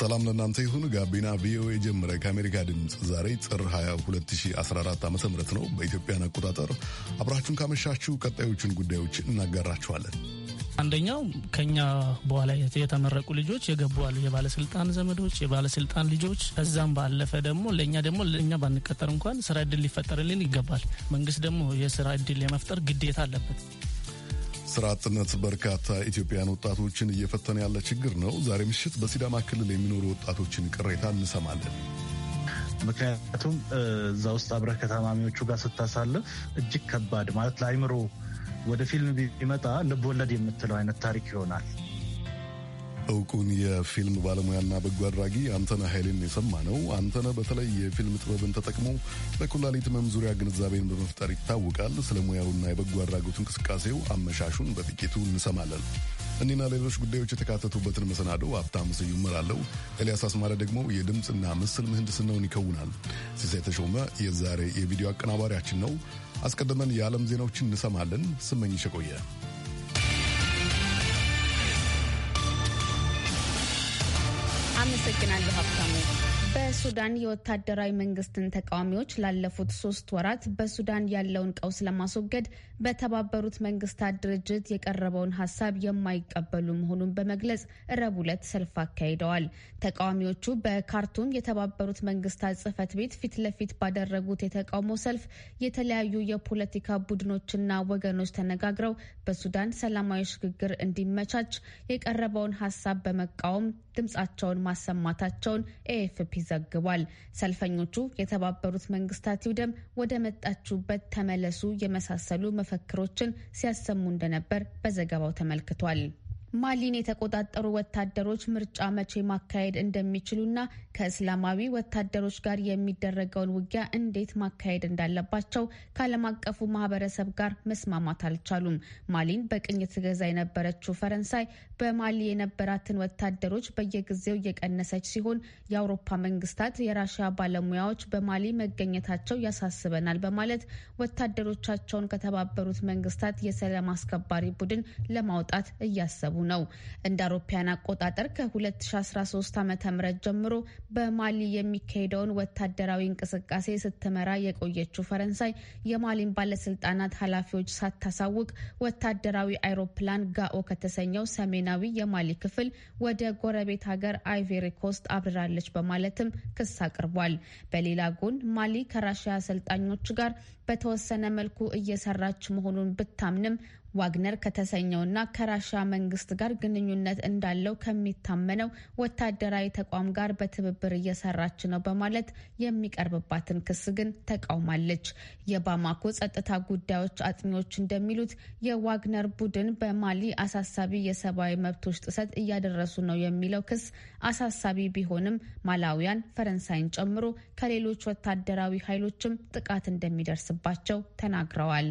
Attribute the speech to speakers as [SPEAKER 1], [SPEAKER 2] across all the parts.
[SPEAKER 1] ሰላም ለእናንተ ይሁን። ጋቢና ቪኦኤ ጀመረ። ከአሜሪካ ድምፅ ዛሬ ጥር 22014 ዓ ም ነው በኢትዮጵያን አቆጣጠር። አብራችሁን ካመሻችሁ ቀጣዮቹን ጉዳዮች እናጋራችኋለን።
[SPEAKER 2] አንደኛው ከኛ በኋላ የተመረቁ ልጆች የገቡ አሉ፣ የባለስልጣን ዘመዶች፣ የባለስልጣን ልጆች። ከዛም ባለፈ ደግሞ ለእኛ ደግሞ ለእኛ ባንቀጠር እንኳን ስራ እድል ሊፈጠርልን ይገባል። መንግስት ደግሞ የስራ እድል የመፍጠር ግዴታ አለበት።
[SPEAKER 1] ስራ አጥነት በርካታ ኢትዮጵያውያን ወጣቶችን እየፈተነ ያለ ችግር ነው። ዛሬ ምሽት በሲዳማ ክልል የሚኖሩ ወጣቶችን ቅሬታ እንሰማለን።
[SPEAKER 3] ምክንያቱም እዛ ውስጥ አብረህ ከታማሚዎቹ ጋር ስታሳልፍ እጅግ ከባድ ማለት ለአይምሮ ወደ ፊልም ቢመጣ ልብ ወለድ የምትለው አይነት ታሪክ ይሆናል።
[SPEAKER 1] እውቁን የፊልም ባለሙያና በጎ አድራጊ አንተነ ኃይልን የሰማ ነው። አንተነ በተለይ የፊልም ጥበብን ተጠቅሞ በኩላሊት ሕመም ዙሪያ ግንዛቤን በመፍጠር ይታወቃል። ስለ ሙያውና የበጎ አድራጎት እንቅስቃሴው አመሻሹን በጥቂቱ እንሰማለን። እኒና ሌሎች ጉዳዮች የተካተቱበትን መሰናዶ ሀብታሙ ስዩም እመራለሁ። ኤልያስ አስማረ ደግሞ የድምፅና ምስል ምህንድስናውን ይከውናል። ሲሳይ ተሾመ የዛሬ የቪዲዮ አቀናባሪያችን ነው። አስቀድመን የዓለም ዜናዎችን እንሰማለን። ስመኝሽ ቆየ
[SPEAKER 4] I'm the second at the Haftamir. በሱዳን የወታደራዊ መንግስትን ተቃዋሚዎች ላለፉት ሶስት ወራት በሱዳን ያለውን ቀውስ ለማስወገድ በተባበሩት መንግስታት ድርጅት የቀረበውን ሀሳብ የማይቀበሉ መሆኑን በመግለጽ ረቡዕ ዕለት ሰልፍ አካሂደዋል። ተቃዋሚዎቹ በካርቱም የተባበሩት መንግስታት ጽህፈት ቤት ፊት ለፊት ባደረጉት የተቃውሞ ሰልፍ የተለያዩ የፖለቲካ ቡድኖችና ወገኖች ተነጋግረው በሱዳን ሰላማዊ ሽግግር እንዲመቻች የቀረበውን ሀሳብ በመቃወም ድምጻቸውን ማሰማታቸውን ኤኤፍፒ ዘግቧል። ሰልፈኞቹ የተባበሩት መንግስታት ይውደም፣ ወደ መጣችሁበት ተመለሱ የመሳሰሉ መፈክሮችን ሲያሰሙ እንደነበር በዘገባው ተመልክቷል። ማሊን የተቆጣጠሩ ወታደሮች ምርጫ መቼ ማካሄድ እንደሚችሉና ከእስላማዊ ወታደሮች ጋር የሚደረገውን ውጊያ እንዴት ማካሄድ እንዳለባቸው ከዓለም አቀፉ ማህበረሰብ ጋር መስማማት አልቻሉም። ማሊን በቅኝ ትገዛ የነበረችው ፈረንሳይ በማሊ የነበራትን ወታደሮች በየጊዜው እየቀነሰች ሲሆን የአውሮፓ መንግስታት የራሽያ ባለሙያዎች በማሊ መገኘታቸው ያሳስበናል በማለት ወታደሮቻቸውን ከተባበሩት መንግስታት የሰላም አስከባሪ ቡድን ለማውጣት እያሰቡ ነው። እንደ አውሮፓያን አቆጣጠር ከ2013 ዓ ም ጀምሮ በማሊ የሚካሄደውን ወታደራዊ እንቅስቃሴ ስትመራ የቆየችው ፈረንሳይ የማሊን ባለስልጣናት ኃላፊዎች ሳታሳውቅ ወታደራዊ አይሮፕላን ጋኦ ከተሰኘው ሰሜን ሰሜናዊ የማሊ ክፍል ወደ ጎረቤት ሀገር አይቬሪ ኮስት አብርራለች በማለትም ክስ አቅርቧል። በሌላ ጎን ማሊ ከራሽያ አሰልጣኞች ጋር በተወሰነ መልኩ እየሰራች መሆኑን ብታምንም ዋግነር ከተሰኘውና ከራሻ መንግስት ጋር ግንኙነት እንዳለው ከሚታመነው ወታደራዊ ተቋም ጋር በትብብር እየሰራች ነው በማለት የሚቀርብባትን ክስ ግን ተቃውማለች። የባማኮ ጸጥታ ጉዳዮች አጥኚዎች እንደሚሉት የዋግነር ቡድን በማሊ አሳሳቢ የሰብአዊ መብቶች ጥሰት እያደረሱ ነው የሚለው ክስ አሳሳቢ ቢሆንም ማላዊያን ፈረንሳይን ጨምሮ ከሌሎች ወታደራዊ ኃይሎችም ጥቃት እንደሚደርስባቸው ተናግረዋል።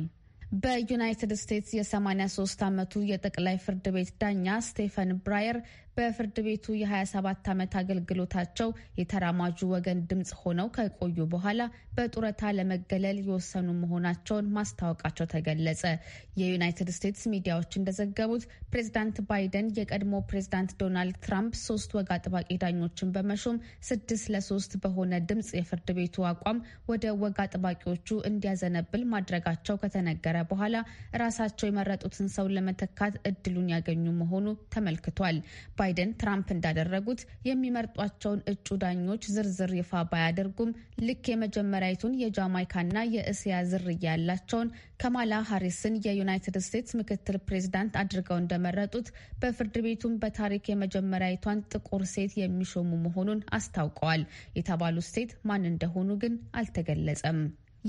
[SPEAKER 4] በዩናይትድ ስቴትስ የ83 ዓመቱ የጠቅላይ ፍርድ ቤት ዳኛ ስቴፈን ብራየር በፍርድ ቤቱ የ27 ዓመት አገልግሎታቸው የተራማጁ ወገን ድምፅ ሆነው ከቆዩ በኋላ በጡረታ ለመገለል የወሰኑ መሆናቸውን ማስታወቃቸው ተገለጸ። የዩናይትድ ስቴትስ ሚዲያዎች እንደዘገቡት ፕሬዚዳንት ባይደን የቀድሞ ፕሬዚዳንት ዶናልድ ትራምፕ ሶስት ወግ አጥባቂ ዳኞችን በመሾም ስድስት ለሶስት በሆነ ድምፅ የፍርድ ቤቱ አቋም ወደ ወግ አጥባቂዎቹ እንዲያዘነብል ማድረጋቸው ከተነገረ በኋላ ራሳቸው የመረጡትን ሰው ለመተካት እድሉን ያገኙ መሆኑ ተመልክቷል። ባይደን ትራምፕ እንዳደረጉት የሚመርጧቸውን እጩ ዳኞች ዝርዝር ይፋ ባያደርጉም ልክ የመጀመሪያዊቱን የጃማይካና የእስያ ዝርያ ያላቸውን ከማላ ሀሪስን የዩናይትድ ስቴትስ ምክትል ፕሬዚዳንት አድርገው እንደመረጡት በፍርድ ቤቱም በታሪክ የመጀመሪያዊቷን ጥቁር ሴት የሚሾሙ መሆኑን አስታውቀዋል። የተባሉት ሴት ማን እንደሆኑ ግን አልተገለጸም።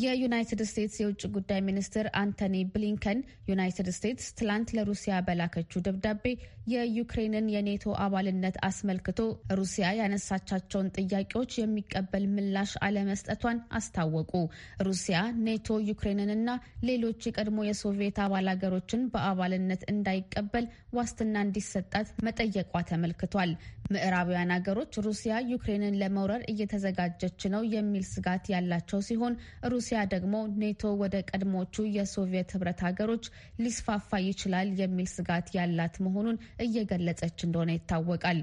[SPEAKER 4] የዩናይትድ ስቴትስ የውጭ ጉዳይ ሚኒስትር አንቶኒ ብሊንከን ዩናይትድ ስቴትስ ትላንት ለሩሲያ በላከችው ደብዳቤ የዩክሬንን የኔቶ አባልነት አስመልክቶ ሩሲያ ያነሳቻቸውን ጥያቄዎች የሚቀበል ምላሽ አለመስጠቷን አስታወቁ። ሩሲያ ኔቶ ዩክሬንንና ሌሎች የቀድሞ የሶቪየት አባል ሀገሮችን በአባልነት እንዳይቀበል ዋስትና እንዲሰጣት መጠየቋ ተመልክቷል። ምዕራባውያን ሀገሮች ሩሲያ ዩክሬንን ለመውረር እየተዘጋጀች ነው የሚል ስጋት ያላቸው ሲሆን ሩሲያ ደግሞ ኔቶ ወደ ቀድሞቹ የሶቪየት ህብረት ሀገሮች ሊስፋፋ ይችላል የሚል ስጋት ያላት መሆኑን እየገለጸች እንደሆነ ይታወቃል።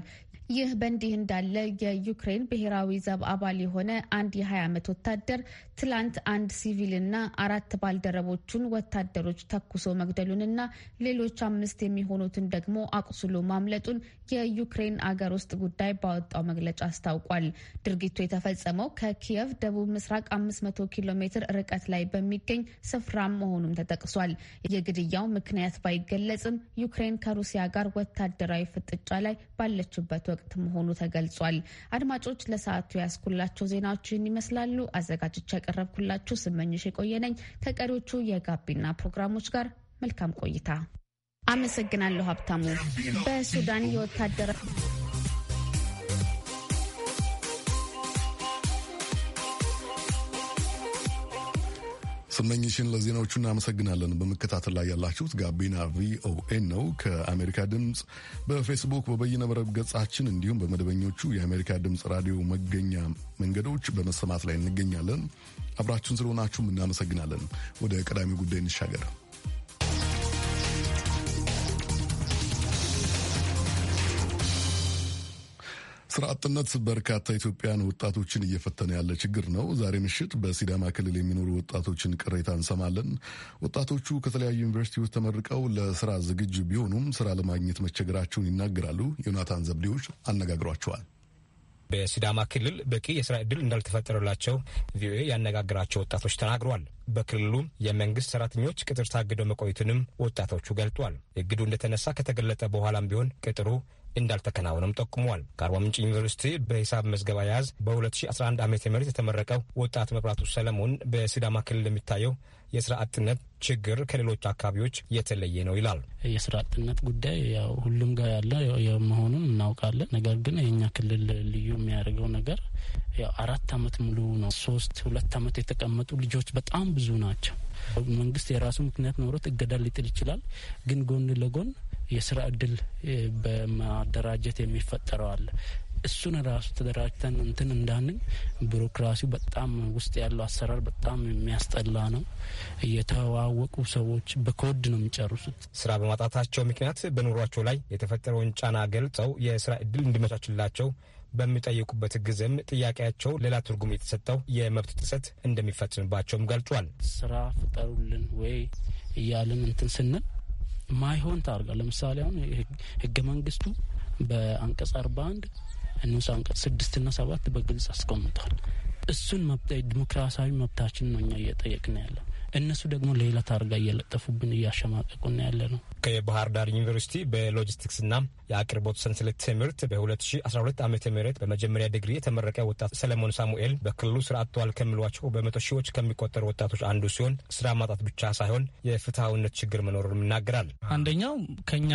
[SPEAKER 4] ይህ በእንዲህ እንዳለ የዩክሬን ብሔራዊ ዘብ አባል የሆነ አንድ የ20 ዓመት ወታደር ትላንት አንድ ሲቪልና አራት ባልደረቦቹን ወታደሮች ተኩሶ መግደሉንና ሌሎች አምስት የሚሆኑትን ደግሞ አቁስሎ ማምለጡን የዩክሬን አገር ውስጥ ጉዳይ ባወጣው መግለጫ አስታውቋል። ድርጊቱ የተፈጸመው ከኪየቭ ደቡብ ምስራቅ 500 ኪሎ ሜትር ርቀት ላይ በሚገኝ ስፍራም መሆኑም ተጠቅሷል። የግድያው ምክንያት ባይገለጽም ዩክሬን ከሩሲያ ጋር ወታደራዊ ፍጥጫ ላይ ባለችበት ወቅት ወቅት መሆኑ ተገልጿል። አድማጮች ለሰዓቱ ያስኩላቸው ዜናዎችን ይመስላሉ። አዘጋጆች ያቀረብኩላችሁ ስመኝሽ የቆየነኝ ከቀሪዎቹ የጋቢና ፕሮግራሞች ጋር መልካም ቆይታ። አመሰግናለሁ ሀብታሙ። በሱዳን የወታደራዊ
[SPEAKER 1] ስመኝሽን ለዜናዎቹ እናመሰግናለን። በመከታተል ላይ ያላችሁት ጋቢና ቪኦኤ ነው ከአሜሪካ ድምፅ በፌስቡክ በበይነ ገጻችን እንዲሁም በመደበኞቹ የአሜሪካ ድምፅ ራዲዮ መገኛ መንገዶች በመሰማት ላይ እንገኛለን። አብራችሁን ስለሆናችሁም እናመሰግናለን። ወደ ቀዳሚ ጉዳይ እንሻገር። ስራ አጥነት በርካታ ኢትዮጵያን ወጣቶችን እየፈተነ ያለ ችግር ነው። ዛሬ ምሽት በሲዳማ ክልል የሚኖሩ ወጣቶችን ቅሬታ እንሰማለን። ወጣቶቹ ከተለያዩ ዩኒቨርሲቲዎች ተመርቀው ለስራ ዝግጁ ቢሆኑም ስራ ለማግኘት መቸገራቸውን ይናገራሉ። ዮናታን ዘብዴዎች አነጋግሯቸዋል።
[SPEAKER 5] በሲዳማ ክልል በቂ የስራ እድል እንዳልተፈጠረላቸው ቪኦኤ ያነጋግራቸው ወጣቶች ተናግሯል። በክልሉ የመንግስት ሰራተኞች ቅጥር ታግደው መቆየቱንም ወጣቶቹ ገልጧል። እግዱ እንደተነሳ ከተገለጠ በኋላም ቢሆን ቅጥሩ እንዳልተከናወነም ጠቁሟል። ከአርባ ምንጭ ዩኒቨርሲቲ በሂሳብ መዝገብ አያያዝ በ2011 ዓ ም የተመረቀው ወጣት መብራቱ ሰለሞን በሲዳማ ክልል የሚታየው የስራ አጥነት ችግር ከሌሎች አካባቢዎች የተለየ ነው ይላል። የስራ አጥነት ጉዳይ
[SPEAKER 2] ያው ሁሉም ጋር ያለ መሆኑን እናውቃለን። ነገር ግን የኛ ክልል ልዩ የሚያደርገው ነገር ያው አራት አመት ሙሉ ነው። ሶስት ሁለት አመት የተቀመጡ ልጆች በጣም ብዙ ናቸው። መንግስት የራሱ ምክንያት ኖሮት እገዳ ሊጥል ይችላል። ግን ጎን ለጎን የስራ እድል በማደራጀት የሚፈጠረው አለ። እሱን ራሱ ተደራጅተን እንትን እንዳንኝ ቢሮክራሲው በጣም ውስጥ ያለው አሰራር በጣም
[SPEAKER 5] የሚያስጠላ ነው። የተዋወቁ ሰዎች በኮድ ነው የሚጨርሱት። ስራ በማጣታቸው ምክንያት በኑሯቸው ላይ የተፈጠረውን ጫና ገልጸው የስራ እድል እንዲመቻችላቸው በሚጠይቁበት ጊዜም ጥያቄያቸው ሌላ ትርጉም የተሰጠው የመብት ጥሰት እንደሚፈጽምባቸውም ገልጿል።
[SPEAKER 2] ስራ ፍጠሩልን ወይ እያልን እንትን ስንል ማይሆን ታርጋል። ለምሳሌ አሁን ህገ መንግስቱ በአንቀጽ አርባ አንድ እነሱ አንቀጽ ስድስትና ሰባት በግልጽ አስቀምጧል። እሱን ዲሞክራሲያዊ መብታችን
[SPEAKER 5] ነው እኛ እየጠየቅን ያለው እነሱ ደግሞ ሌላ ታርጋ እየለጠፉብን እያሸማቀቁና ያለ ነው። ከባህር ዳር ዩኒቨርሲቲ በሎጂስቲክስና የአቅርቦት ሰንሰለት ትምህርት በ2012 ዓ ም በመጀመሪያ ዲግሪ የተመረቀ ወጣት ሰለሞን ሳሙኤል በክልሉ ስራ አጥተዋል ከሚሏቸው በመቶ ሺዎች ከሚቆጠሩ ወጣቶች አንዱ ሲሆን ስራ ማጣት ብቻ ሳይሆን የፍትሐዊነት ችግር መኖሩን ይናገራል።
[SPEAKER 2] አንደኛው ከኛ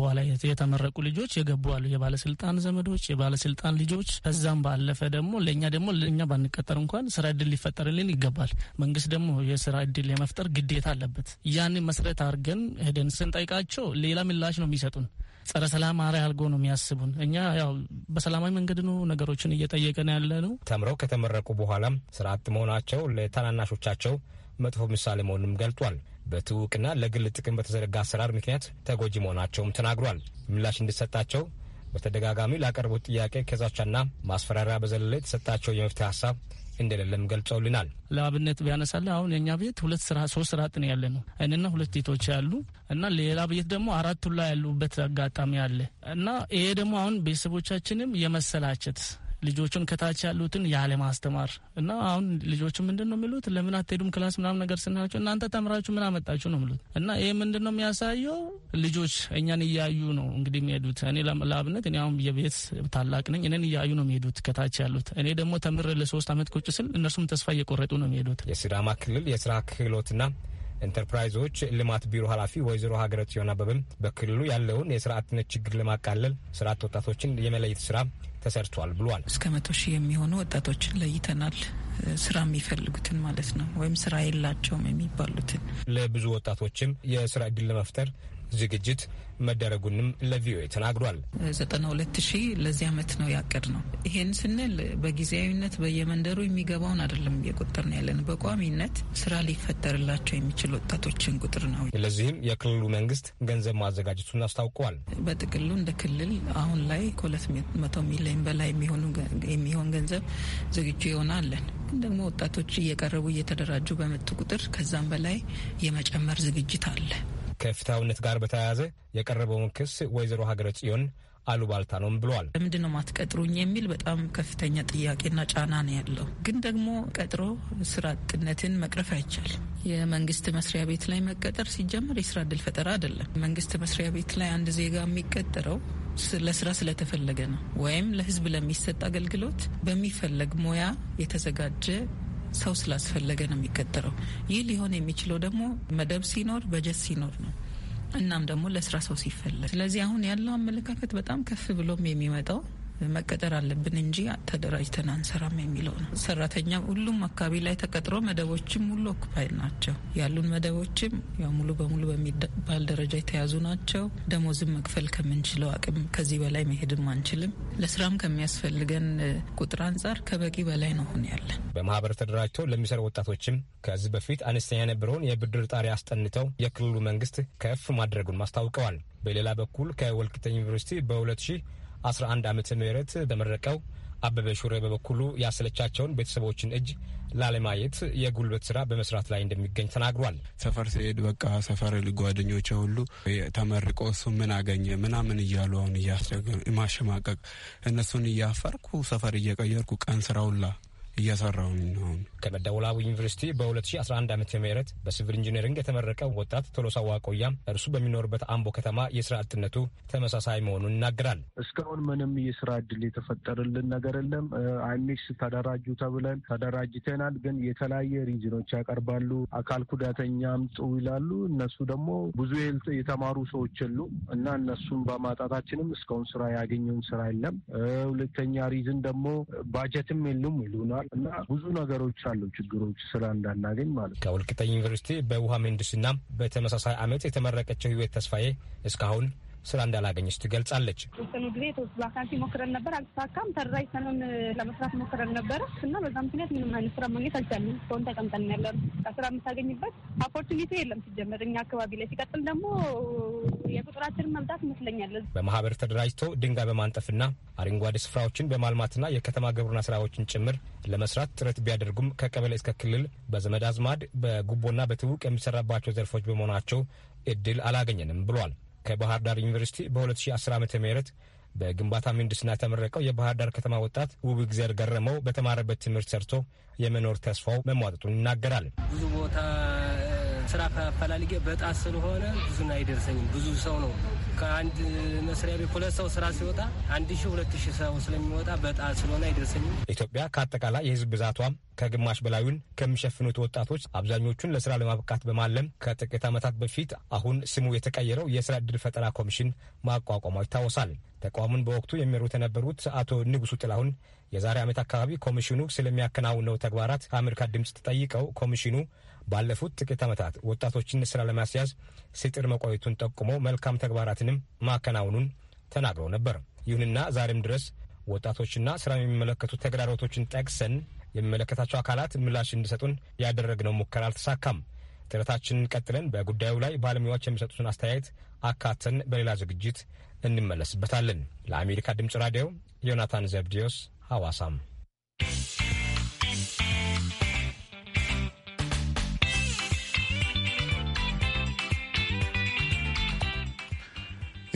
[SPEAKER 2] በኋላ የተመረቁ ልጆች የገቡ አሉ። የባለስልጣን ዘመዶች፣ የባለስልጣን ልጆች። ከዛም ባለፈ ደግሞ ለእኛ ደግሞ ለእኛ ባንቀጠር እንኳን ስራ እድል ሊፈጠርልን ይገባል። መንግስት ደግሞ የስራ እድል የመፍጠር ግዴታ አለበት። ያንን መስረት አድርገን ሄደን ስንጠይቃቸው ሌላ ምላሽ ነው የሚሰጡን። ጸረ ሰላም አርአያ አድርጎ ነው የሚያስቡን። እኛ ያው በሰላማዊ
[SPEAKER 5] መንገድ ነው ነገሮችን እየጠየቀን ያለ ነው። ተምረው ከተመረቁ በኋላም ስራ አጥ መሆናቸው ለታናናሾቻቸው መጥፎ ምሳሌ መሆኑንም ገልጧል። በትውቅና ለግል ጥቅም በተዘረጋ አሰራር ምክንያት ተጎጂ መሆናቸውም ተናግሯል። ምላሽ እንዲሰጣቸው በተደጋጋሚ ላቀረቡት ጥያቄ ከዛቻና ማስፈራሪያ በዘለለ የተሰጣቸው የመፍትሄ ሀሳብ እንደሌለም ገልጸውልናል። ለአብነት
[SPEAKER 2] ቢያነሳለ አሁን የኛ ቤት ሁለት ስራ ሶስት ስራ ጥን ያለ ነው እኔና ሁለት ሴቶች ያሉ እና ሌላ ቤት ደግሞ አራት ላይ ያሉበት አጋጣሚ አለ እና ይሄ ደግሞ አሁን ቤተሰቦቻችንም የመሰላቸት ልጆቹን ከታች ያሉትን ያለ ማስተማር እና አሁን ልጆቹ ምንድን ነው የሚሉት ለምን አትሄዱም ክላስ ምናም ነገር ስናቸው እናንተ ተምራችሁ ምን አመጣችሁ ነው የሚሉት እና ይህ ምንድን ነው የሚያሳየው ልጆች እኛን እያዩ ነው እንግዲህ የሚሄዱት እኔ ለአብነት እኔ አሁን የቤት ታላቅ ነኝ እኔን እያዩ ነው የሚሄዱት ከታች ያሉት እኔ ደግሞ ተምር ለሶስት አመት ቁጭ ስል እነርሱም ተስፋ እየቆረጡ ነው የሚሄዱት
[SPEAKER 5] የሲዳማ ክልል የስራ ክህሎትና ኢንተርፕራይዞች ልማት ቢሮ ኃላፊ ወይዘሮ ሀገረት ሲሆን አበበም በክልሉ ያለውን የስራ ችግር ለማቃለል ስራ ወጣቶችን የመለየት ስራ ተሰርቷል ብሏል።
[SPEAKER 6] እስከ መቶ ሺህ የሚሆኑ ወጣቶችን ለይተናል። ስራ የሚፈልጉትን ማለት ነው፣ ወይም ስራ የላቸውም የሚባሉትን
[SPEAKER 5] ለብዙ ወጣቶችም የስራ እድል ለመፍጠር ዝግጅት መደረጉንም ለቪኦኤ ተናግሯል።
[SPEAKER 6] ዘጠና ሁለት ሺህ ለዚህ አመት ነው ያቀድ ነው። ይሄን ስንል በጊዜያዊነት በየመንደሩ የሚገባውን አይደለም እየቆጠር ነው ያለን፣ በቋሚነት ስራ
[SPEAKER 5] ሊፈጠርላቸው የሚችል ወጣቶችን ቁጥር ነው። ለዚህም የክልሉ መንግስት ገንዘብ ማዘጋጀቱን አስታውቀዋል።
[SPEAKER 6] በጥቅሉ እንደ ክልል አሁን ላይ ከሁለት መቶ ሚሊዮን በላይ የሚሆን ገንዘብ ዝግጁ የሆነ አለን። ግን ደግሞ ወጣቶች እየቀረቡ እየተደራጁ በመጡ ቁጥር ከዛም በላይ የመጨመር ዝግጅት አለ።
[SPEAKER 5] ከፍትሐዊነት ጋር በተያያዘ የቀረበውን ክስ ወይዘሮ ሀገረ ጽዮን አሉባልታ ነውም ብሏል።
[SPEAKER 6] ለምንድን ነው ማትቀጥሩኝ የሚል በጣም ከፍተኛ ጥያቄና ጫና ነው ያለው። ግን ደግሞ ቀጥሮ ስራ አጥነትን መቅረፍ አይቻልም። የመንግስት መስሪያ ቤት ላይ መቀጠር ሲጀመር የስራ እድል ፈጠራ አይደለም። መንግስት መስሪያ ቤት ላይ አንድ ዜጋ የሚቀጠረው ለስራ ስለተፈለገ ነው፣ ወይም ለህዝብ ለሚሰጥ አገልግሎት በሚፈለግ ሙያ የተዘጋጀ ሰው ስላስፈለገ ነው የሚቀጠረው። ይህ ሊሆን የሚችለው ደግሞ መደብ ሲኖር፣ በጀት ሲኖር ነው። እናም ደግሞ ለስራ ሰው ሲፈለግ። ስለዚህ አሁን ያለው አመለካከት በጣም ከፍ ብሎም የሚመጣው መቀጠር አለብን እንጂ ተደራጅተን አንሰራም የሚለው ነው። ሰራተኛ ሁሉም አካባቢ ላይ ተቀጥሮ መደቦችም ሁሉ ኦኩፓይድ ናቸው። ያሉን መደቦችም ያው ሙሉ በሙሉ በሚባል ደረጃ የተያዙ ናቸው። ደሞዝም መክፈል ከምንችለው አቅም ከዚህ በላይ መሄድም አንችልም። ለስራም ከሚያስፈልገን ቁጥር አንጻር ከበቂ በላይ ነው ሆን
[SPEAKER 5] ያለን። በማህበር ተደራጅቶ ለሚሰሩ ወጣቶችም ከዚህ በፊት አነስተኛ የነበረውን የብድር ጣሪያ አስጠንተው የክልሉ መንግስት ከፍ ማድረጉን ማስታውቀዋል በሌላ በኩል ከወልቂጤ ዩኒቨርሲቲ በ2000 11 ዓመተ ምህረት በመረቀው አበበ ሹሬ በበኩሉ ያሰለቻቸውን ቤተሰቦችን እጅ ላለማየት የጉልበት ስራ በመስራት ላይ እንደሚገኝ ተናግሯል። ሰፈር ሲሄድ በቃ ሰፈር ጓደኞቼ ሁሉ ተመርቆ እሱ ምን አገኘ ምናምን እያሉ አሁን እያስቸገሩ ማሸማቀቅ እነሱን እያፈርኩ ሰፈር እየቀየርኩ ቀን ስራውላ እያሰራው ነው። ከመደወላቡ ዩኒቨርሲቲ በ2011 ዓ ም በሲቪል ኢንጂነሪንግ የተመረቀ ወጣት ቶሎሳ ዋቆያ እርሱ በሚኖርበት አምቦ ከተማ የስራ አጥነቱ ተመሳሳይ መሆኑን ይናገራል።
[SPEAKER 3] እስካሁን ምንም የስራ እድል የተፈጠረልን ነገር የለም። አይሚክስ ተደራጁ ተብለን ተደራጅተናል፣ ግን የተለያየ ሪዝኖች ያቀርባሉ። አካል ጉዳተኛም ጥሩ ይላሉ። እነሱ ደግሞ ብዙ የተማሩ ሰዎች የሉ እና እነሱን በማጣታችንም እስካሁን ስራ ያገኘውን ስራ የለም። ሁለተኛ ሪዝን ደግሞ ባጀትም የሉም ይሉናል ተፈጥረዋል እና ብዙ ነገሮች አሉ ችግሮች ስራ እንዳናገኝ
[SPEAKER 5] ማለት ነው። ከወልቂጤ ዩኒቨርሲቲ በውሃ ምህንድስና በተመሳሳይ አመት የተመረቀችው ህይወት ተስፋዬ እስካሁን ስራ እንዳላገኘች ትገልጻለች።
[SPEAKER 4] የተወሰኑ ጊዜ ቫካንሲ ሞክረን ነበር፣ አልተሳካም። ተደራጅተንም ለመስራት ሞክረን ነበረ እና በዛ ምክንያት ምንም አይነት ስራ ማግኘት አልቻለም። እስካሁን ተቀምጠን ያለን ከስራ የምታገኝበት አፖርቹኒቲ የለም ሲጀመር እኛ አካባቢ ላይ ሲቀጥል ደግሞ የቁጥራችን መምጣት ይመስለኛል።
[SPEAKER 5] በማህበር ተደራጅቶ ድንጋይ በማንጠፍና አረንጓዴ ስፍራዎችን በማልማትና የከተማ ግብርና ስራዎችን ጭምር ለመስራት ጥረት ቢያደርጉም ከቀበሌ እስከ ክልል በዘመድ አዝማድ በጉቦና በትውቅ የሚሰራባቸው ዘርፎች በመሆናቸው እድል አላገኘንም ብሏል። ከባህር ዳር ዩኒቨርሲቲ በ2010 ዓ ም በግንባታ ምህንድስና ተመረቀው የባህር ዳር ከተማ ወጣት ውብ ግዘር ገረመው በተማረበት ትምህርት ሰርቶ የመኖር ተስፋው መሟጠጡን ይናገራል።
[SPEAKER 2] ብዙ ቦታ ስራ ከፈላልጌ በጣት ስለሆነ ብዙ አይደርሰኝም። ብዙ ሰው ነው ከአንድ መስሪያ ቤት ሁለት ሰው ስራ ሲወጣ አንድ ሺ ሁለት ሺ ሰው ስለሚወጣ
[SPEAKER 5] በጣት ስለሆነ አይደርሰኝም። ኢትዮጵያ ከአጠቃላይ የህዝብ ብዛቷም ከግማሽ በላዩን ከሚሸፍኑት ወጣቶች አብዛኞቹን ለስራ ለማብቃት በማለም ከጥቂት ዓመታት በፊት አሁን ስሙ የተቀየረው የስራ እድል ፈጠራ ኮሚሽን ማቋቋሟ ይታወሳል። ተቋሙን በወቅቱ የሚመሩት የነበሩት አቶ ንጉሱ ጥላሁን የዛሬ ዓመት አካባቢ ኮሚሽኑ ስለሚያከናውነው ተግባራት ከአሜሪካ ድምፅ ተጠይቀው ኮሚሽኑ ባለፉት ጥቂት ዓመታት ወጣቶችን ስራ ለማስያዝ ሲጥር መቆየቱን ጠቁሞ መልካም ተግባራትንም ማከናወኑን ተናግረው ነበር። ይሁንና ዛሬም ድረስ ወጣቶችና ስራ የሚመለከቱ ተግዳሮቶችን ጠቅሰን የሚመለከታቸው አካላት ምላሽ እንዲሰጡን ያደረግነው ሙከራ አልተሳካም። ጥረታችንን ቀጥለን በጉዳዩ ላይ ባለሙያዎች የሚሰጡትን አስተያየት አካተን በሌላ ዝግጅት እንመለስበታለን። ለአሜሪካ ድምፅ ራዲዮ ዮናታን ዘብዲዮስ ሐዋሳም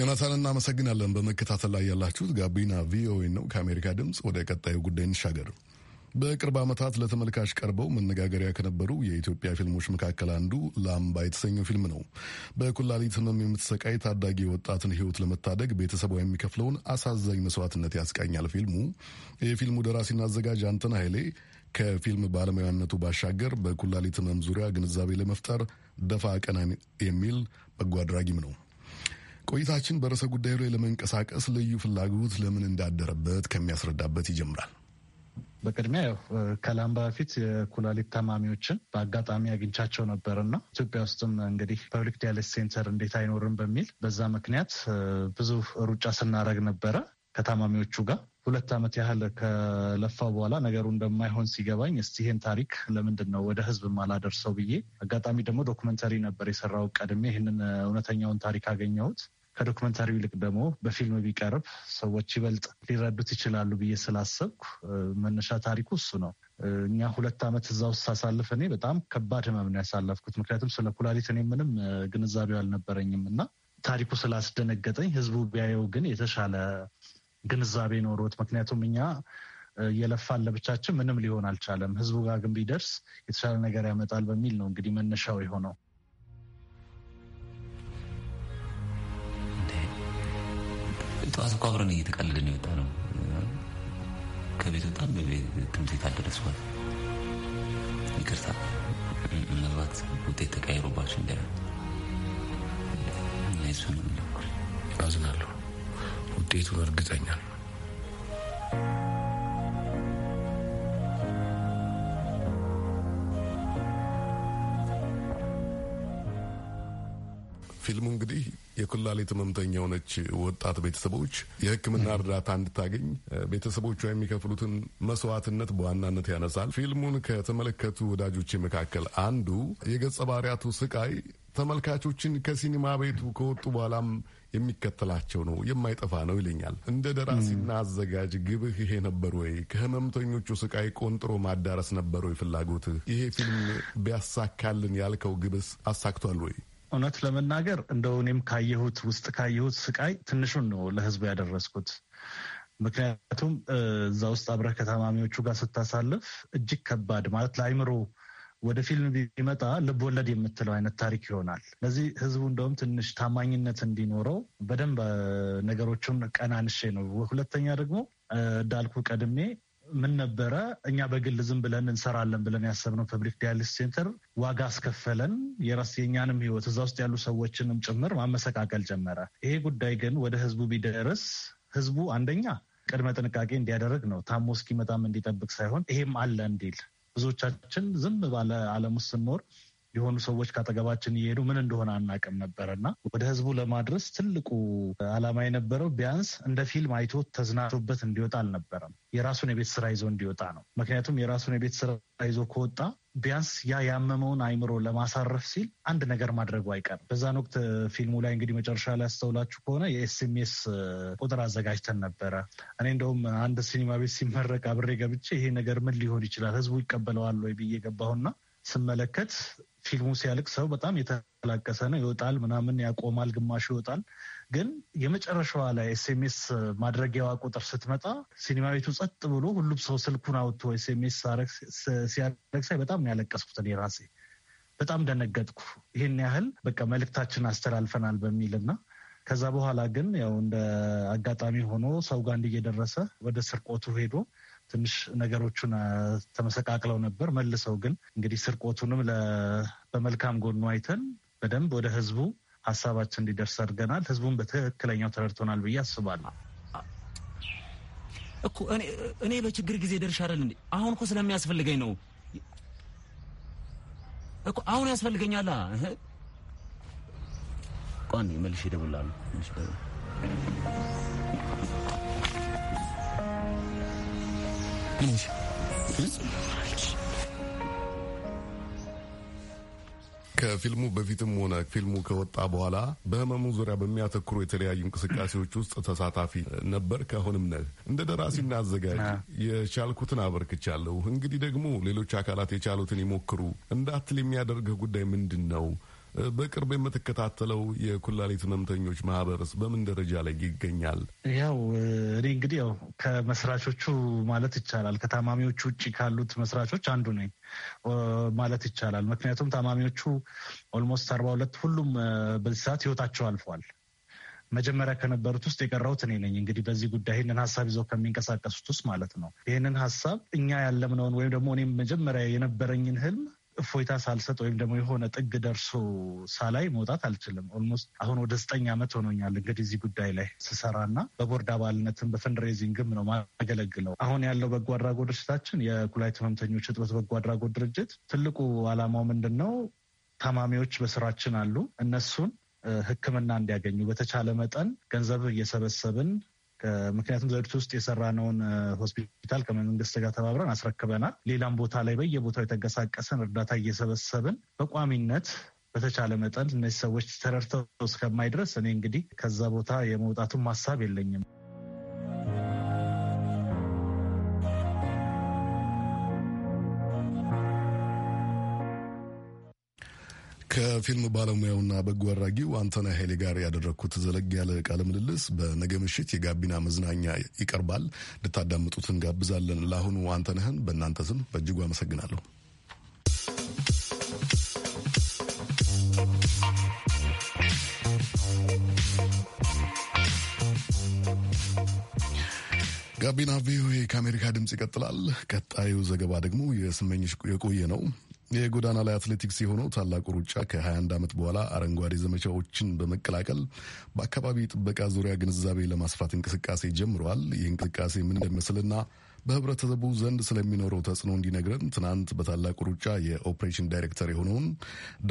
[SPEAKER 1] ዮናታን እናመሰግናለን። በመከታተል ላይ ያላችሁት ጋቢና ቪኦኤ ነው። ከአሜሪካ ድምፅ ወደ ቀጣዩ ጉዳይ እንሻገር። በቅርብ ዓመታት ለተመልካች ቀርበው መነጋገሪያ ከነበሩ የኢትዮጵያ ፊልሞች መካከል አንዱ ላምባ የተሰኘው ፊልም ነው። በኩላሊት ሕመም የምትሰቃይ ታዳጊ ወጣትን ሕይወት ለመታደግ ቤተሰቧ የሚከፍለውን አሳዛኝ መስዋዕትነት ያስቃኛል ፊልሙ። የፊልሙ ደራሲና አዘጋጅ አንተን ኃይሌ ከፊልም ባለሙያነቱ ባሻገር በኩላሊት ሕመም ዙሪያ ግንዛቤ ለመፍጠር ደፋ ቀና የሚል በጎ አድራጊም ነው። ቆይታችን በርዕሰ ጉዳዩ ላይ ለመንቀሳቀስ ልዩ ፍላጎት ለምን እንዳደረበት ከሚያስረዳበት ይጀምራል። በቅድሚያ ያው ከላምባ በፊት የኩላሊት ታማሚዎችን
[SPEAKER 3] በአጋጣሚ አግኝቻቸው ነበር እና ኢትዮጵያ ውስጥም እንግዲህ ፐብሊክ ዲያሊስ ሴንተር እንዴት አይኖርም በሚል በዛ ምክንያት ብዙ ሩጫ ስናደርግ ነበረ ከታማሚዎቹ ጋር ሁለት ዓመት ያህል ከለፋ በኋላ ነገሩ እንደማይሆን ሲገባኝ እስቲ ይህን ታሪክ ለምንድን ነው ወደ ህዝብ ማላደርሰው ብዬ አጋጣሚ ደግሞ ዶክመንተሪ ነበር የሰራው ቀድሜ ይህንን እውነተኛውን ታሪክ አገኘሁት። ከዶክመንታሪው ይልቅ ደግሞ በፊልም ቢቀርብ ሰዎች ይበልጥ ሊረዱት ይችላሉ ብዬ ስላሰብኩ መነሻ ታሪኩ እሱ ነው። እኛ ሁለት ዓመት እዛ ውስጥ ሳሳልፍ እኔ በጣም ከባድ ህመም ነው ያሳለፍኩት። ምክንያቱም ስለ ኩላሊት እኔ ምንም ግንዛቤው አልነበረኝም እና ታሪኩ ስላስደነገጠኝ ህዝቡ ቢያየው ግን የተሻለ ግንዛቤ ኖሮት ምክንያቱም እኛ የለፋን ለብቻችን ምንም ሊሆን አልቻለም። ህዝቡ ጋር ግን ቢደርስ የተሻለ ነገር ያመጣል በሚል ነው እንግዲህ መነሻው የሆነው።
[SPEAKER 7] ጠዋት እኮ አብረን እየተቀለድን የወጣ ነው ከቤት ወጣን። በቤት ትምህርት ቤት አልደረስኳት ይቅርታ፣ ምናልባት ውጤት
[SPEAKER 5] ውጤቱን እርግጠኛ ነው።
[SPEAKER 1] ፊልሙ እንግዲህ የኩላሊት ህመምተኛ የሆነች ወጣት ቤተሰቦች የሕክምና እርዳታ እንድታገኝ ቤተሰቦቿ የሚከፍሉትን መስዋዕትነት በዋናነት ያነሳል። ፊልሙን ከተመለከቱ ወዳጆች መካከል አንዱ የገጸ ባህሪያቱ ስቃይ ተመልካቾችን ከሲኒማ ቤቱ ከወጡ በኋላም የሚከተላቸው ነው የማይጠፋ ነው ይለኛል። እንደ ደራሲና አዘጋጅ ግብህ ይሄ ነበር ወይ? ከህመምተኞቹ ስቃይ ቆንጥሮ ማዳረስ ነበር ወይ ፍላጎትህ? ይሄ ፊልም ቢያሳካልን ያልከው ግብስ አሳክቷል ወይ?
[SPEAKER 3] እውነት ለመናገር እንደው እኔም ካየሁት ውስጥ ካየሁት ስቃይ ትንሹን ነው ለህዝቡ ያደረስኩት። ምክንያቱም እዛ ውስጥ አብረህ ከታማሚዎቹ ጋር ስታሳልፍ እጅግ ከባድ ማለት ለአይምሮ ወደ ፊልም ቢመጣ ልብ ወለድ የምትለው አይነት ታሪክ ይሆናል። ለዚህ ህዝቡ እንደውም ትንሽ ታማኝነት እንዲኖረው በደንብ ነገሮቹን ቀናንሼ ነው። ሁለተኛ ደግሞ እንዳልኩ ቀድሜ ምን ነበረ እኛ በግል ዝም ብለን እንሰራለን ብለን ያሰብነው ፐብሊክ ዲያሊስ ሴንተር ዋጋ አስከፈለን። የራስ የእኛንም ህይወት እዛ ውስጥ ያሉ ሰዎችንም ጭምር ማመሰቃቀል ጀመረ። ይሄ ጉዳይ ግን ወደ ህዝቡ ቢደርስ ህዝቡ አንደኛ ቅድመ ጥንቃቄ እንዲያደርግ ነው። ታሞ እስኪመጣም እንዲጠብቅ ሳይሆን ይሄም አለ እንዲል ብዙዎቻችን ዝም ባለ ዓለም ውስጥ ስንኖር የሆኑ ሰዎች ካጠገባችን እየሄዱ ምን እንደሆነ አናቅም ነበር እና ወደ ህዝቡ ለማድረስ ትልቁ ዓላማ የነበረው ቢያንስ እንደ ፊልም አይቶ ተዝናቶበት እንዲወጣ አልነበረም። የራሱን የቤት ስራ ይዞ እንዲወጣ ነው። ምክንያቱም የራሱን የቤት ስራ ይዞ ከወጣ ቢያንስ ያ ያመመውን አይምሮ ለማሳረፍ ሲል አንድ ነገር ማድረጉ አይቀርም። በዛን ወቅት ፊልሙ ላይ እንግዲህ መጨረሻ ላይ ያስተውላችሁ ከሆነ የኤስኤምኤስ ቁጥር አዘጋጅተን ነበረ። እኔ እንደውም አንድ ሲኒማ ቤት ሲመረቅ አብሬ ገብቼ ይሄ ነገር ምን ሊሆን ይችላል ህዝቡ ይቀበለዋል ወይ ብዬ ገባሁና ስመለከት ፊልሙ ሲያልቅ ሰው በጣም የተላቀሰ ነው። ይወጣል፣ ምናምን ያቆማል፣ ግማሹ ይወጣል። ግን የመጨረሻዋ ላይ ኤስኤምኤስ ማድረጊያዋ ቁጥር ስትመጣ ሲኒማ ቤቱ ጸጥ ብሎ ሁሉም ሰው ስልኩን አውጥቶ ኤስኤምኤስ ሲያደረግ ሳይ በጣም ያለቀስኩት እኔ ራሴ በጣም ደነገጥኩ። ይህን ያህል በቃ መልእክታችን አስተላልፈናል በሚል ከዛ በኋላ ግን ያው እንደ አጋጣሚ ሆኖ ሰው ጋር እንዲየደረሰ ወደ ስርቆቱ ሄዶ ትንሽ ነገሮቹን ተመሰቃቅለው ነበር። መልሰው ግን እንግዲህ ስርቆቱንም በመልካም ጎኑ አይተን በደንብ ወደ ህዝቡ ሀሳባችን እንዲደርስ አድርገናል። ህዝቡን በትክክለኛው ተረድቶናል ብዬ አስባለሁ።
[SPEAKER 7] እኮ
[SPEAKER 2] እኔ በችግር ጊዜ ደርሻ እንዴ? አሁን እኮ ስለሚያስፈልገኝ ነው እኮ አሁን ያስፈልገኛል። ቋን መልሽ ደውላለሁ።
[SPEAKER 1] ከፊልሙ በፊትም ሆነ ፊልሙ ከወጣ በኋላ በህመሙ ዙሪያ በሚያተኩሩ የተለያዩ እንቅስቃሴዎች ውስጥ ተሳታፊ ነበር፣ ከአሁንም ነህ። እንደ ደራሲና አዘጋጅ የቻልኩትን አበርክቻለሁ፣ እንግዲህ ደግሞ ሌሎች አካላት የቻሉትን ይሞክሩ እንዳትል የሚያደርግህ ጉዳይ ምንድን ነው? በቅርብ የምትከታተለው የኩላሊት ህመምተኞች ማህበርስ በምን ደረጃ ላይ ይገኛል?
[SPEAKER 3] ያው እኔ እንግዲህ ያው ከመስራቾቹ ማለት ይቻላል ከታማሚዎቹ ውጭ ካሉት መስራቾች አንዱ ነኝ ማለት ይቻላል። ምክንያቱም ታማሚዎቹ ኦልሞስት አርባ ሁለት ሁሉም በዚህ ሰዓት ህይወታቸው አልፏል። መጀመሪያ ከነበሩት ውስጥ የቀረሁት እኔ ነኝ። እንግዲህ በዚህ ጉዳይ ይህንን ሀሳብ ይዘው ከሚንቀሳቀሱት ውስጥ ማለት ነው። ይህንን ሀሳብ እኛ ያለምነውን ወይም ደግሞ እኔም መጀመሪያ የነበረኝን ህልም እፎይታ ሳልሰጥ ወይም ደግሞ የሆነ ጥግ ደርሶ ሳላይ መውጣት አልችልም። ኦልሞስት አሁን ወደ ዘጠኝ ዓመት ሆኖኛል እንግዲህ እዚህ ጉዳይ ላይ ስሰራ እና በቦርድ አባልነትም በፈንድሬዚንግም ነው ማገለግለው። አሁን ያለው በጎ አድራጎት ድርጅታችን የኩላሊት ህመምተኞች እጥበት በጎ አድራጎት ድርጅት ትልቁ ዓላማው ምንድን ነው? ታማሚዎች በስራችን አሉ። እነሱን ሕክምና እንዲያገኙ በተቻለ መጠን ገንዘብ እየሰበሰብን ምክንያቱም ዘሪቱ ውስጥ የሰራነውን ሆስፒታል ከመንግስት ጋር ተባብረን አስረክበናል። ሌላም ቦታ ላይ በየቦታው የተንቀሳቀሰን እርዳታ እየሰበሰብን በቋሚነት በተቻለ መጠን እነዚህ ሰዎች ተረድተው እስከማይድረስ እኔ እንግዲህ ከዛ ቦታ የመውጣቱን ማሳብ የለኝም።
[SPEAKER 1] ከፊልም ባለሙያውና በጎ አድራጊው አንተነ ኃይሌ ጋር ያደረግኩት ዘለግ ያለ ቃለ ምልልስ በነገ ምሽት የጋቢና መዝናኛ ይቀርባል። እንድታዳምጡት እንጋብዛለን። ለአሁኑ አንተነህን በእናንተ ስም በእጅጉ አመሰግናለሁ። ጋቢና ቪኦኤ ከአሜሪካ ድምፅ ይቀጥላል። ቀጣዩ ዘገባ ደግሞ የስመኝሽ የቆየ ነው። የጎዳና ላይ አትሌቲክስ የሆነው ታላቁ ሩጫ ከ21 ዓመት በኋላ አረንጓዴ ዘመቻዎችን በመቀላቀል በአካባቢ ጥበቃ ዙሪያ ግንዛቤ ለማስፋት እንቅስቃሴ ጀምረዋል። ይህ እንቅስቃሴ ምን እንደሚመስልና በህብረተሰቡ ዘንድ ስለሚኖረው ተጽዕኖ እንዲነግረን ትናንት በታላቁ ሩጫ የኦፕሬሽን ዳይሬክተር የሆነውን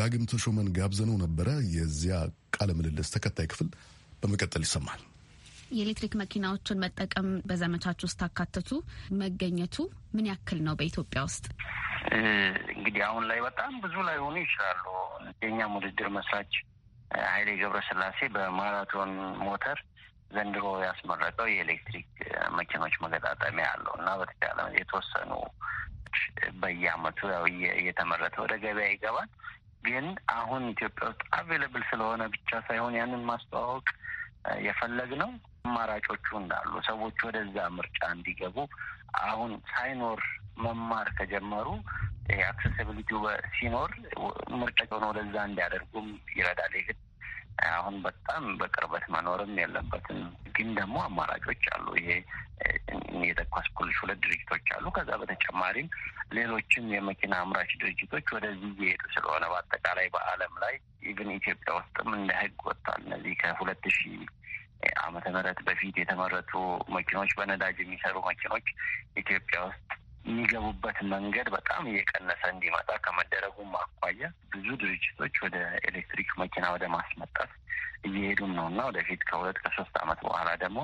[SPEAKER 1] ዳግም ተሾመን ጋብዘነው ነበረ። የዚያ ቃለ ምልልስ ተከታይ ክፍል
[SPEAKER 4] በመቀጠል ይሰማል። የኤሌክትሪክ መኪናዎችን መጠቀም በዘመቻችሁ ውስጥ አካተቱ መገኘቱ ምን ያክል ነው? በኢትዮጵያ ውስጥ
[SPEAKER 7] እንግዲህ አሁን ላይ በጣም ብዙ ላይ ሆኑ ይችላሉ። የኛም ውድድር መስራች ኃይሌ ገብረስላሴ በማራቶን ሞተር ዘንድሮ ያስመረቀው የኤሌክትሪክ መኪኖች መገጣጠሚያ አለው እና በተቻለ የተወሰኑ በየአመቱ ያው እየተመረተ ወደ ገበያ ይገባል። ግን አሁን ኢትዮጵያ ውስጥ አቬለብል ስለሆነ ብቻ ሳይሆን ያንን ማስተዋወቅ የፈለግ ነው አማራጮቹ እንዳሉ ሰዎች ወደዛ ምርጫ እንዲገቡ አሁን ሳይኖር መማር ከጀመሩ አክሴሲቢሊቲው ሲኖር ምርጫቸውን ወደዛ እንዲያደርጉም ይረዳል። ይህ አሁን በጣም በቅርበት መኖርም የለበትም። ግን ደግሞ አማራጮች አሉ። ይሄ የጠቀስኩልሽ ሁለት ድርጅቶች አሉ። ከዛ በተጨማሪም ሌሎችም የመኪና አምራች ድርጅቶች ወደዚህ እየሄዱ ስለሆነ በአጠቃላይ በዓለም ላይ ኢቭን ኢትዮጵያ ውስጥም እንደ ህግ ወጥቷል። እነዚህ ከሁለት ሺህ ዓመተ ምህረት በፊት የተመረቱ መኪኖች በነዳጅ የሚሰሩ መኪኖች ኢትዮጵያ ውስጥ የሚገቡበት መንገድ በጣም እየቀነሰ እንዲመጣ ከመደረጉም አኳያ ብዙ ድርጅቶች ወደ ኤሌክትሪክ መኪና ወደ ማስመጣት እየሄዱም ነው እና ወደፊት ከሁለት ከሶስት ዓመት በኋላ ደግሞ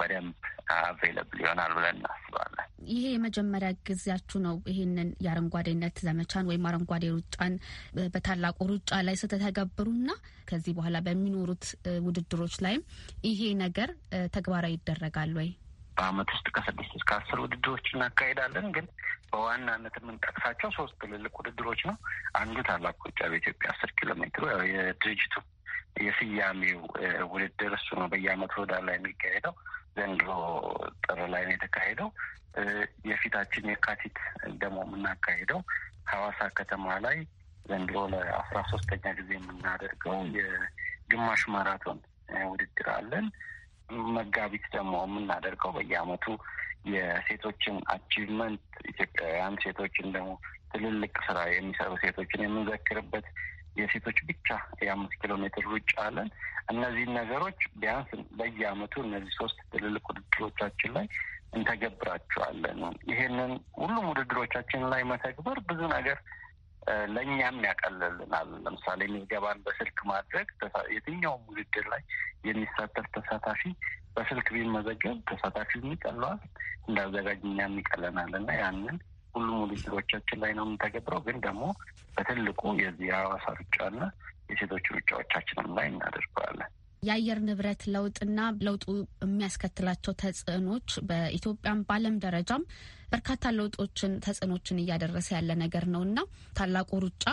[SPEAKER 7] በደንብ አቬለብል ይሆናል ብለን እናስባለን።
[SPEAKER 4] ይሄ የመጀመሪያ ጊዜያችሁ ነው ይሄንን የአረንጓዴነት ዘመቻን ወይም አረንጓዴ ሩጫን በታላቁ ሩጫ ላይ ስተተገብሩና ከዚህ በኋላ በሚኖሩት ውድድሮች ላይም ይሄ ነገር ተግባራዊ ይደረጋል ወይ?
[SPEAKER 7] በአመት ውስጥ ከስድስት እስከ አስር ውድድሮች እናካሄዳለን። ግን በዋናነት የምንጠቅሳቸው ሶስት ትልልቅ ውድድሮች ነው። አንዱ ታላቁ ሩጫ በኢትዮጵያ አስር ኪሎ ሜትሩ የድርጅቱ የስያሜው ውድድር እሱ ነው። በየአመቱ ወዳ ላይ የሚካሄደው ዘንድሮ ጥር ላይ ነው የተካሄደው። የፊታችን የካቲት ደግሞ የምናካሄደው ሀዋሳ ከተማ ላይ ዘንድሮ ለአስራ ሶስተኛ ጊዜ የምናደርገው የግማሽ ማራቶን ውድድር አለን። መጋቢት ደግሞ የምናደርገው በየአመቱ የሴቶችን አቺቭመንት ኢትዮጵያውያን ሴቶችን ደግሞ ትልልቅ ስራ የሚሰሩ ሴቶችን የምንዘክርበት የሴቶች ብቻ የአምስት ኪሎ ሜትር ሩጫ አለን። እነዚህን ነገሮች ቢያንስ በየአመቱ እነዚህ ሶስት ትልልቅ ውድድሮቻችን ላይ እንተገብራቸዋለን። ይሄንን ሁሉም ውድድሮቻችን ላይ መተግበር ብዙ ነገር ለእኛም ያቀልልናል። ለምሳሌ ምዝገባን በስልክ ማድረግ የትኛውም ውድድር ላይ የሚሳተፍ ተሳታፊ በስልክ ቢመዘገብ ተሳታፊ ይቀለዋል፣ እንዳዘጋጅ እኛም ይቀለናል እና ያንን ሁሉም ውድድሮቻችን ላይ ነው የምንተገብረው ግን ደግሞ በትልቁ የዚህ የሐዋሳ ሩጫና የሴቶች ሩጫዎቻችንም ላይ እናደርገዋለን።
[SPEAKER 4] የአየር ንብረት ለውጥና ለውጡ የሚያስከትላቸው ተጽዕኖች በኢትዮጵያም በዓለም ደረጃም በርካታ ለውጦችን ተጽዕኖችን እያደረሰ ያለ ነገር ነው እና ታላቁ ሩጫ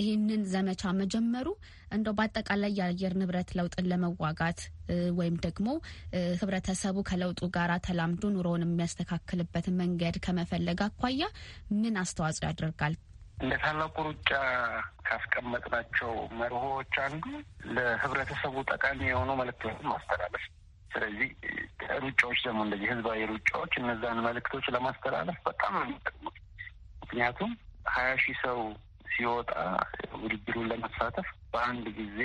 [SPEAKER 4] ይህንን ዘመቻ መጀመሩ እንደው በአጠቃላይ የአየር ንብረት ለውጥን ለመዋጋት ወይም ደግሞ ህብረተሰቡ ከለውጡ ጋር ተላምዶ ኑሮውን የሚያስተካክልበትን መንገድ ከመፈለግ አኳያ ምን አስተዋጽኦ ያደርጋል?
[SPEAKER 7] እንደ ታላቁ ሩጫ ካስቀመጥናቸው መርሆዎች አንዱ ለህብረተሰቡ ጠቃሚ የሆኑ መልእክቶችን ማስተላለፍ። ስለዚህ ሩጫዎች ደግሞ እንደዚህ ህዝባዊ ሩጫዎች እነዛን መልእክቶች ለማስተላለፍ በጣም ነው የሚጠቅሙት። ምክንያቱም ሀያ ሺህ ሰው ሲወጣ ውድድሩን ለመሳተፍ በአንድ ጊዜ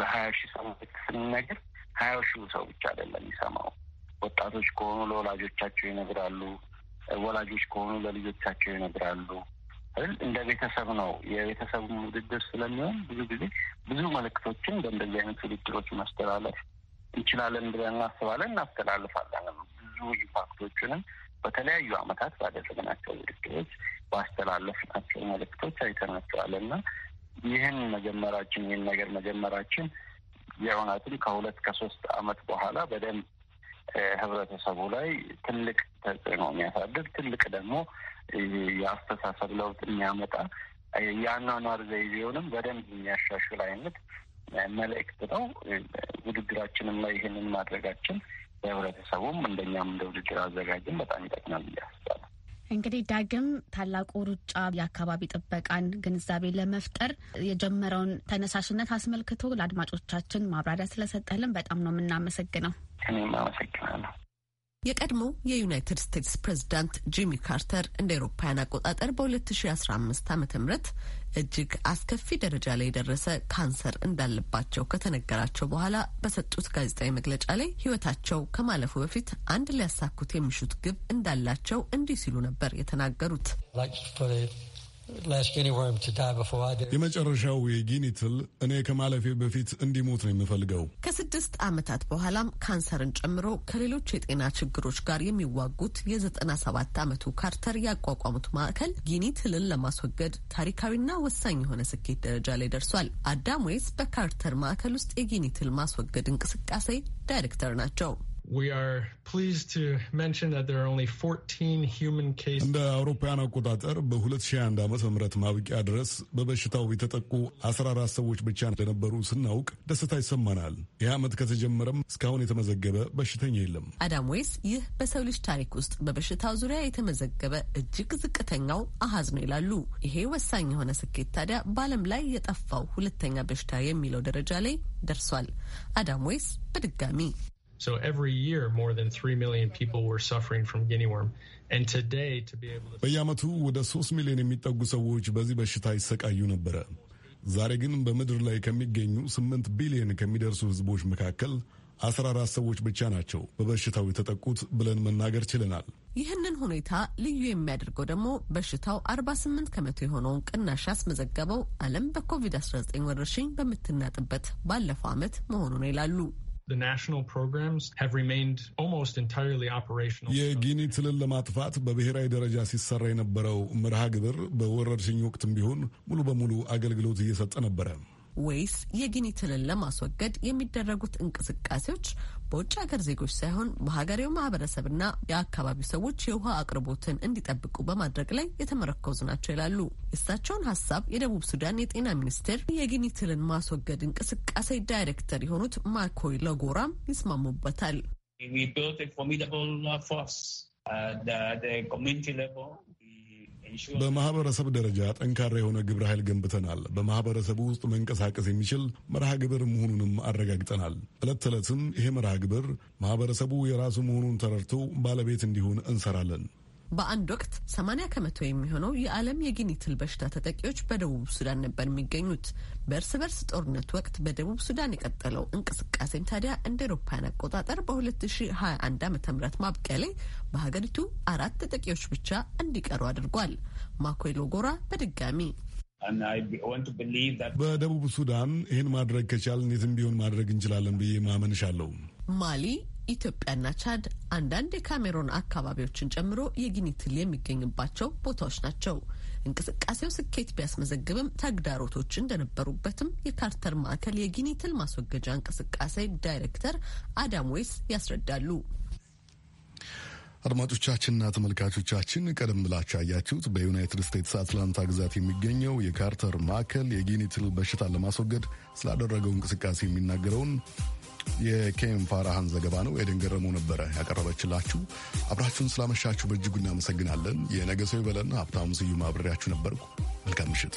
[SPEAKER 7] ለሀያ ሺህ ሰው መልእክት ስንነግር ሀያ ሺህ ሰው ብቻ አይደለም የሚሰማው። ወጣቶች ከሆኑ ለወላጆቻቸው ይነግራሉ። ወላጆች ከሆኑ ለልጆቻቸው ይነግራሉ። እንደ ቤተሰብ ነው የቤተሰብ ውድድር ስለሚሆን ብዙ ጊዜ ብዙ መልእክቶችን በእንደዚህ አይነት ውድድሮች ማስተላለፍ እንችላለን ብለን እናስባለን፣ እናስተላልፋለን። ብዙ ኢምፓክቶችንም በተለያዩ አመታት ባደረግናቸው ውድድሮች ባስተላለፍናቸው መልእክቶች አይተናቸዋል እና ይህን መጀመራችን ይህን ነገር መጀመራችን የእውነትም ከሁለት ከሶስት አመት በኋላ በደንብ ህብረተሰቡ ላይ ትልቅ ተጽዕኖ የሚያሳድር ትልቅ ደግሞ የአስተሳሰብ ለውጥ የሚያመጣ የአኗኗር ዘይቤውንም በደንብ የሚያሻሽል አይነት መልእክት ነው። ውድድራችንም ላይ ይህንን ማድረጋችን ለህብረተሰቡም እንደኛም እንደ ውድድር አዘጋጅም በጣም ይጠቅማል ብዬ አስባለሁ።
[SPEAKER 4] እንግዲህ ዳግም ታላቁ ሩጫ የአካባቢ ጥበቃን ግንዛቤ ለመፍጠር የጀመረውን ተነሳሽነት አስመልክቶ ለአድማጮቻችን ማብራሪያ ስለሰጠልን በጣም ነው የምናመሰግነው።
[SPEAKER 7] እኔም
[SPEAKER 8] አመሰግናለሁ።
[SPEAKER 4] የቀድሞ የዩናይትድ ስቴትስ
[SPEAKER 8] ፕሬዝዳንት ጂሚ ካርተር እንደ ኤሮፓውያን አቆጣጠር በ2015 ዓ ም እጅግ አስከፊ ደረጃ ላይ የደረሰ ካንሰር እንዳለባቸው ከተነገራቸው በኋላ በሰጡት ጋዜጣዊ መግለጫ ላይ ሕይወታቸው ከማለፉ በፊት አንድ ሊያሳኩት የሚሹት ግብ እንዳላቸው እንዲህ ሲሉ ነበር የተናገሩት።
[SPEAKER 1] የመጨረሻው የጊኒ ትል እኔ ከማለፌ በፊት እንዲሞት ነው የምፈልገው።
[SPEAKER 8] ከስድስት ዓመታት በኋላም ካንሰርን ጨምሮ ከሌሎች የጤና ችግሮች ጋር የሚዋጉት የዘጠና ሰባት ዓመቱ ካርተር ያቋቋሙት ማዕከል ጊኒ ትልን ለማስወገድ ታሪካዊና ወሳኝ የሆነ ስኬት ደረጃ ላይ ደርሷል። አዳም ዌይስ በካርተር ማዕከል ውስጥ የጊኒ ትል ማስወገድ እንቅስቃሴ ዳይሬክተር ናቸው።
[SPEAKER 1] እንደ አውሮፓውያን አቆጣጠር በ2001 ዓ ም ማብቂያ ድረስ በበሽታው የተጠቁ 14 ሰዎች ብቻ እንደነበሩ ስናውቅ ደስታ ይሰማናል። ይህ ዓመት ከተጀመረም እስካሁን የተመዘገበ በሽተኛ የለም።
[SPEAKER 8] አዳም ዌስ ይህ በሰው ልጅ ታሪክ ውስጥ በበሽታው ዙሪያ የተመዘገበ እጅግ ዝቅተኛው አሃዝ ነው ይላሉ። ይሄ ወሳኝ የሆነ ስኬት ታዲያ በዓለም ላይ የጠፋው ሁለተኛ በሽታ የሚለው ደረጃ ላይ ደርሷል። አዳም ዌስ በድጋሚ
[SPEAKER 5] So every year, more than 3 million people were suffering from guinea worm. And today, to be able
[SPEAKER 1] to... በየዓመቱ ወደ 3 ሚሊዮን የሚጠጉ ሰዎች በዚህ በሽታ ይሰቃዩ ነበረ። ዛሬ ግን በምድር ላይ ከሚገኙ 8 ቢሊዮን ከሚደርሱ ሕዝቦች መካከል 14 ሰዎች ብቻ ናቸው በበሽታው የተጠቁት ብለን መናገር ችለናል።
[SPEAKER 8] ይህንን ሁኔታ ልዩ የሚያደርገው ደግሞ በሽታው 48 ከመቶ የሆነውን ቅናሽ ያስመዘገበው ዓለም በኮቪድ-19 ወረርሽኝ በምትናጥበት ባለፈው ዓመት መሆኑ ነው ይላሉ።
[SPEAKER 7] the national programs have remained almost entirely operational.
[SPEAKER 1] የጊኒ ትልን ለማጥፋት በብሔራዊ ደረጃ ሲሰራ የነበረው መርሃ ግብር በወረርሽኝ ወቅትም ቢሆን ሙሉ በሙሉ አገልግሎት እየሰጠ ነበረ።
[SPEAKER 8] ወይስ የጊኒ ለማስወገድ የሚደረጉት እንቅስቃሴዎች በውጭ ሀገር ዜጎች ሳይሆን በሀገሬው ማህበረሰብና የአካባቢው ሰዎች የውሃ አቅርቦትን እንዲጠብቁ በማድረግ ላይ የተመረኮዙ ናቸው ይላሉ። የእሳቸውን ሀሳብ የደቡብ ሱዳን የጤና ሚኒስቴር የጊኒ ማስወገድ እንቅስቃሴ ዳይሬክተር የሆኑት ማኮይ ለጎራም ይስማሙበታል።
[SPEAKER 1] በማህበረሰብ ደረጃ ጠንካራ የሆነ ግብረ ኃይል ገንብተናል። በማህበረሰቡ ውስጥ መንቀሳቀስ የሚችል መርሃ ግብር መሆኑንም አረጋግጠናል። ዕለት ተዕለትም ይሄ መርሃ ግብር ማህበረሰቡ የራሱ መሆኑን ተረድቶ ባለቤት እንዲሆን እንሰራለን።
[SPEAKER 8] በአንድ ወቅት 80 ከመቶ የሚሆነው የዓለም የጊኒ ትል በሽታ ተጠቂዎች በደቡብ ሱዳን ነበር የሚገኙት። በእርስ በርስ ጦርነት ወቅት በደቡብ ሱዳን የቀጠለው እንቅስቃሴም ታዲያ እንደ ኤሮፓያን አቆጣጠር በ2021 ዓ ም ማብቂያ ላይ በሀገሪቱ አራት ተጠቂዎች ብቻ እንዲቀሩ አድርጓል። ማኮይሎ ጎራ በድጋሚ
[SPEAKER 1] በደቡብ ሱዳን ይህን ማድረግ ከቻልን የትም ቢሆን ማድረግ እንችላለን ብዬ ማመንሻለሁ።
[SPEAKER 8] ማሊ ኢትዮጵያና ቻድ አንዳንድ የካሜሮን አካባቢዎችን ጨምሮ የጊኒ ትል የሚገኝባቸው ቦታዎች ናቸው። እንቅስቃሴው ስኬት ቢያስመዘግብም ተግዳሮቶች እንደነበሩበትም የካርተር ማዕከል የጊኒ ትል ማስወገጃ እንቅስቃሴ ዳይሬክተር አዳም ወይስ ያስረዳሉ።
[SPEAKER 1] አድማጮቻችንና ተመልካቾቻችን ቀደም ብላችሁ ያያችሁት በዩናይትድ ስቴትስ አትላንታ ግዛት የሚገኘው የካርተር ማዕከል የጊኒ ትል በሽታን ለማስወገድ ስላደረገው እንቅስቃሴ የሚናገረውን የኬን ፋራሃን ዘገባ ነው። ኤደን ገረመው ነበረ ያቀረበችላችሁ። አብራችሁን ስላመሻችሁ በእጅጉ እናመሰግናለን። የነገ ሰው ይበለን። ሀብታሙ ስዩም አብሬያችሁ ነበርኩ። መልካም ምሽት።